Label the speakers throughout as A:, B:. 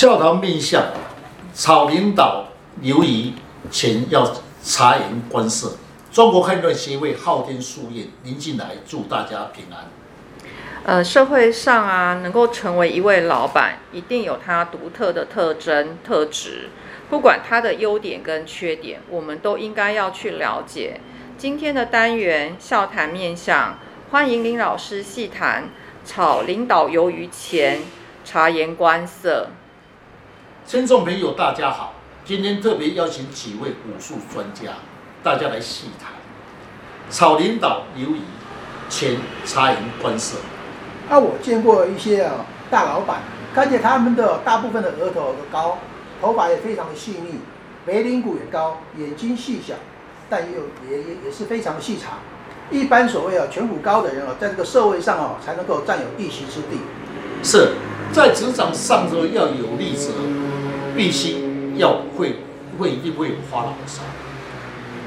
A: 笑談面相，炒領導魷魚前要察言觀色。中國堪輿推展協會昊天書院林進來祝大家平安。
B: 呃，社會上啊，能夠成為一位老闆，一定有他獨特的特徵特質。不管他的優點跟缺點，我們都應該要去了解。今天的單元笑談面相，歡迎林老師細談炒領導魷魚前察言觀
A: 色。聽眾朋友，大家好！今天特別邀請幾位武術專家，大家來細談，炒領導魷魚前察言觀色。
C: 啊，我見過一些大老板，看見他們的大部分的額頭都高，頭髮也非常的細膩，眉稜骨也高，眼睛細小，但又也也也是非常的細長。一般所謂啊，顴骨高的人啊，在這個社會上啊，才能夠占有一席之地。
A: 是在職場上頭要有利者。嗯必須要會會因為有花了很少，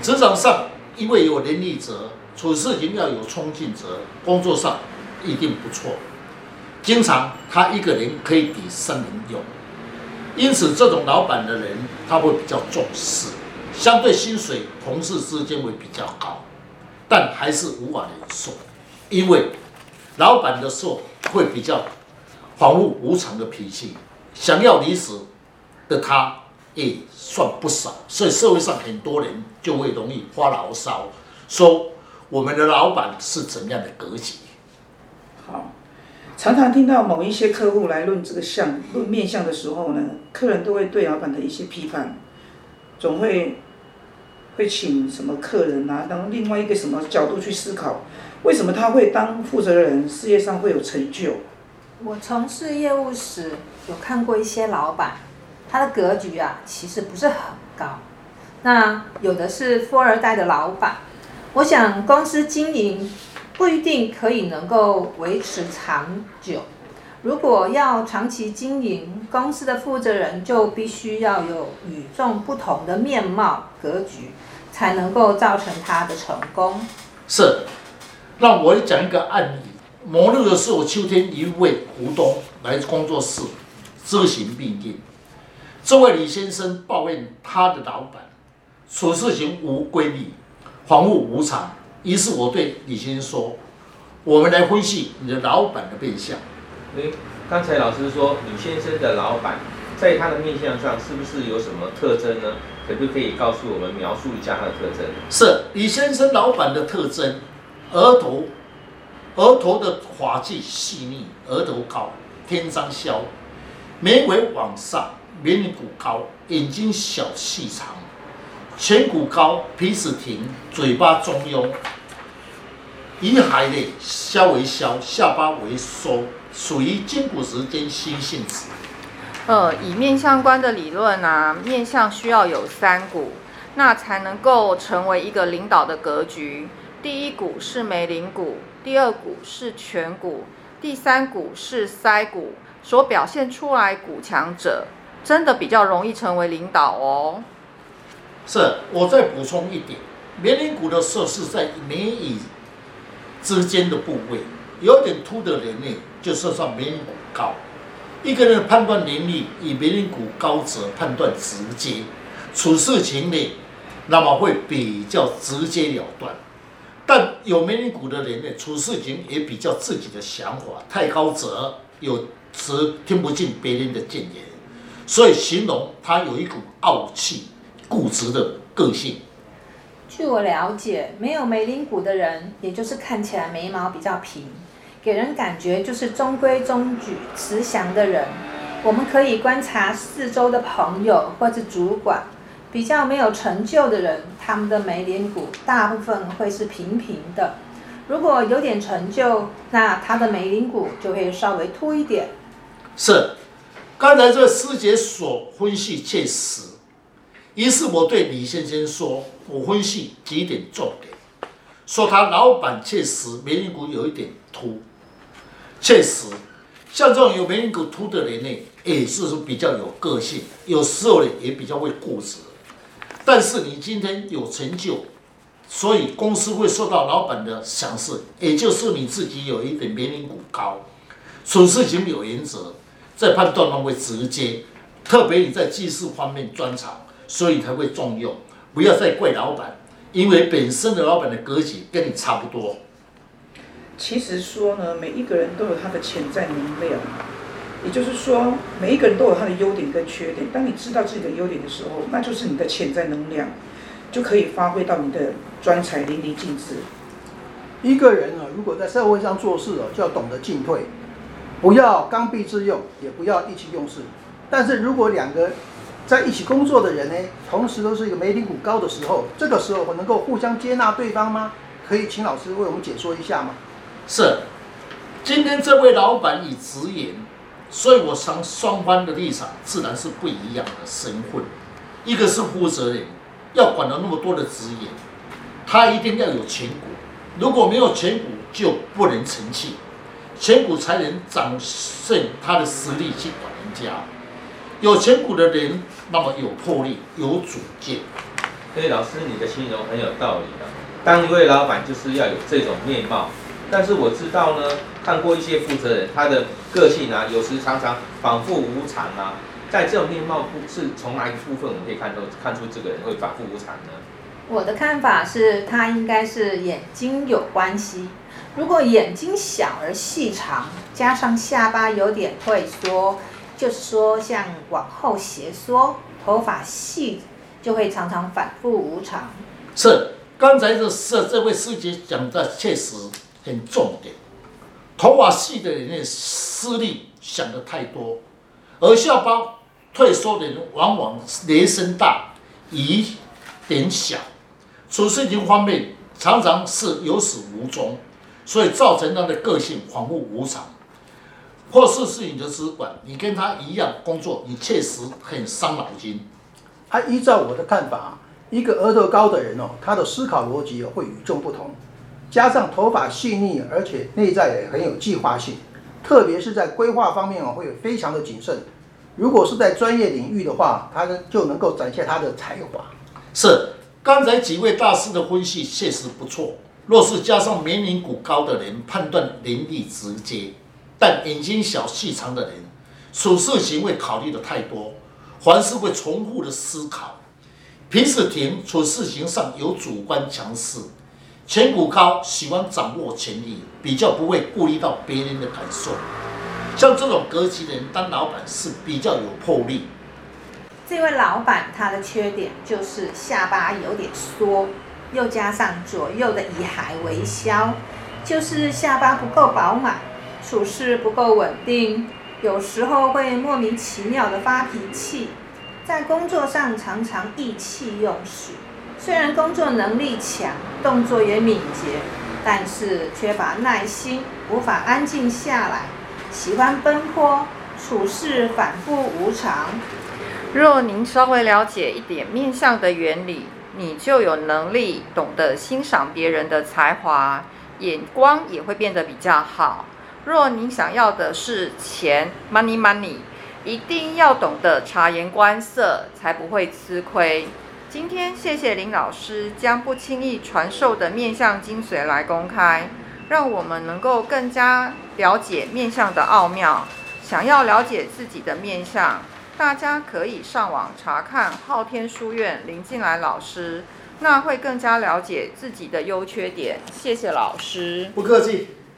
A: 職場上因為有能力者處事情要有衝勁者，工作上一定不錯。經常他一個人可以抵三人用，因此這種老板的人他會比較重視，相對薪水同事之間會比較高，但還是無法忍受，因為老板的時候會比較反覆無常的脾氣，想要離職。的他也、欸、算不少，所以社會上很多人就會容易發牢騷，說我們的老闆是怎樣的格局。
C: 好，常常聽到某一些客戶來論這個相、論面相的時候呢，客人都會對老闆的一些批判，總會會請什麼客人啊，當另外一個什麼角度去思考，為什麼他會當負責人，事業上會有成就。
D: 我從事業務時，有看過一些老闆。他的格局啊，其實不是很高。那有的是富二代的老板，我想公司經營不一定可以能夠維持長久。如果要長期經營，公司的負責人就必須要有與眾不同的面貌格局，才能夠造成他的成功。
A: 是，那我講一個案例。某日的是我秋天一位股東來工作室諮詢病定。這位李先生抱怨他的老板處事情無規律，恍惚無常。於是我對李先生說：“我們來分析你的老板的面相。”誒，剛才老師說李先生的
C: 老板在他的面相上是不是有什麼特徵呢？可不可以告訴我們描
A: 述一下他的特徵？是李先生老板的特徵：額頭，額頭的髮際細膩，額頭高，天倉削，眉尾往上。面骨高，眼睛小細長，顴骨高，鼻子挺，嘴巴中庸，以下臉消為消，下巴微收，屬於金骨時間心性子。
B: 呃，以面相關的理論啊，面相需要有三骨，那才能夠成為一個領導的格局。第一骨是眉稜骨，第二骨是顴骨，第三骨是腮骨，所表現出來骨強者，真的比較容易成為領導哦。
A: 是，我再補充一點，眉稜骨的測是在眉宇之間的部位，有點突的人呢，就算算眉稜骨高。一個人的判斷能力，以眉稜骨高者判斷直接，處事情呢，那麼會比較直接了斷。但有眉稜骨的人呢，處事情也比較自己的想法太高者，有時聽不進別人的建言。所以，形容他有一股傲氣、固執的個性。
D: 據我了解，沒有眉稜骨的人，也就是看起來眉毛比較平，給人感覺就是中規中矩、慈祥的人。我們可以觀察四周的朋友或者主管，比較沒有成就的人，他們的眉稜骨大部分會是平平的。如果有點成就，那他的眉稜骨就會稍微凸一點。
A: 是。剛才這師姐所分析確實，於是我對李先生說：“我分析幾點重點，說他老闆確實眉稜骨有一點突，確實，像這種有眉稜骨突的人呢，也是比較有個性，有時候呢也比較會固執。但是你今天有成就，所以公司會受到老闆的賞識，也就是你自己有一點眉稜骨高，處事情有原則。”在判斷方面直接，特別你在技術方面專長，所以才會重用。不要再怪老闆，因為本身的老闆的格局跟你差不多。其
C: 實說呢，每一個人都有他的潛在能量，也就是說，每一個人都有他的優點跟缺點。當你知道自己的優點的時候，那就是你的潛在能量，就可以發揮到你的專才淋漓盡致。一個人啊，如果在社會上做事啊，就要懂得進退。不要剛愎自用，也不要意氣用事。但是如果兩個在一起工作的人呢，同時都是一個眉稜骨高的時候，這個時候能夠互相接納對方嗎？可以請老師為我們解說一下嗎？
A: 是，今天這位老板以職員，所以我想雙方的立場自然是不一樣的身份，一個是負責人要管到那麼多的職員，他一定要有顴骨，如果沒有顴骨就不能成器。顴骨才能展現他的實力去管人家，有顴骨的人那麼有魄力、有主見。所以老師你的形容很有道理啊！當一位老闆就是要有這種面貌。但是我
C: 知道呢，看過一些負責人，他的個性啊，有時常常反復無常啊。在這種面貌不是從哪一個部分我們可以看出看出這個人會反復無常呢？
D: 我的看法是他應該是眼睛有關係。如果眼睛小而細長，加上下巴有點退縮，就是說像往後斜縮，頭髮細，就會常常反覆無
A: 常。是，剛才這這這位師姐講的確實很重點。頭髮細的人的思慮想得太多，而下巴退縮的人往往雷聲大，雨點小，處事情方面常常是有始無終。所以造成他的個性恍惚無常，或是事情的主管，你跟他一樣工作，你確實很傷腦筋。他、啊、依照我的看法，一個額頭
C: 高的人哦，他的思考邏輯、哦、會與眾不同，加上頭髮細膩，而且內在也很有計劃性，特別是在規劃方面哦，會非常的謹慎。
A: 如果是在專業領域的話，他呢就能夠展現他的才華。是，剛才幾位大師的分析確實不錯。若是加上眉稜骨高的人，判斷凌厲直接；但眼睛小細長的人，處事行為考慮的太多，凡事會重複的思考。平時停處事情上有主觀強勢，顴骨高喜歡掌握權力，比較不會顧慮到別人的感受。像這種格局的人，當老板是比較有魄力。
D: 這位老板他的缺點就是下巴有點縮。又加上左右的以海為消，就是下巴不夠飽滿，處事不夠穩定，有時候會莫名其妙的發脾氣，在工作上常常意氣用事。雖然工作能力強，動作也敏捷，但是缺乏耐心，無法安靜下來，喜歡奔波，處事反覆無常。
B: 若您稍微了解一點面相的原理。你就有能力懂得欣賞別人的才華，眼光也會變得比較好。若你想要的是錢，money money，一定要懂得察言觀色，才不會吃虧。今天謝謝林老師將不輕易傳授的面相精髓來公開，讓我們能夠更加了解面相的奧妙。想要了解自己的面相，大家可以上網查看昊天書院林進來老師，那會更加了解自己的優缺點。謝謝老師，不客氣。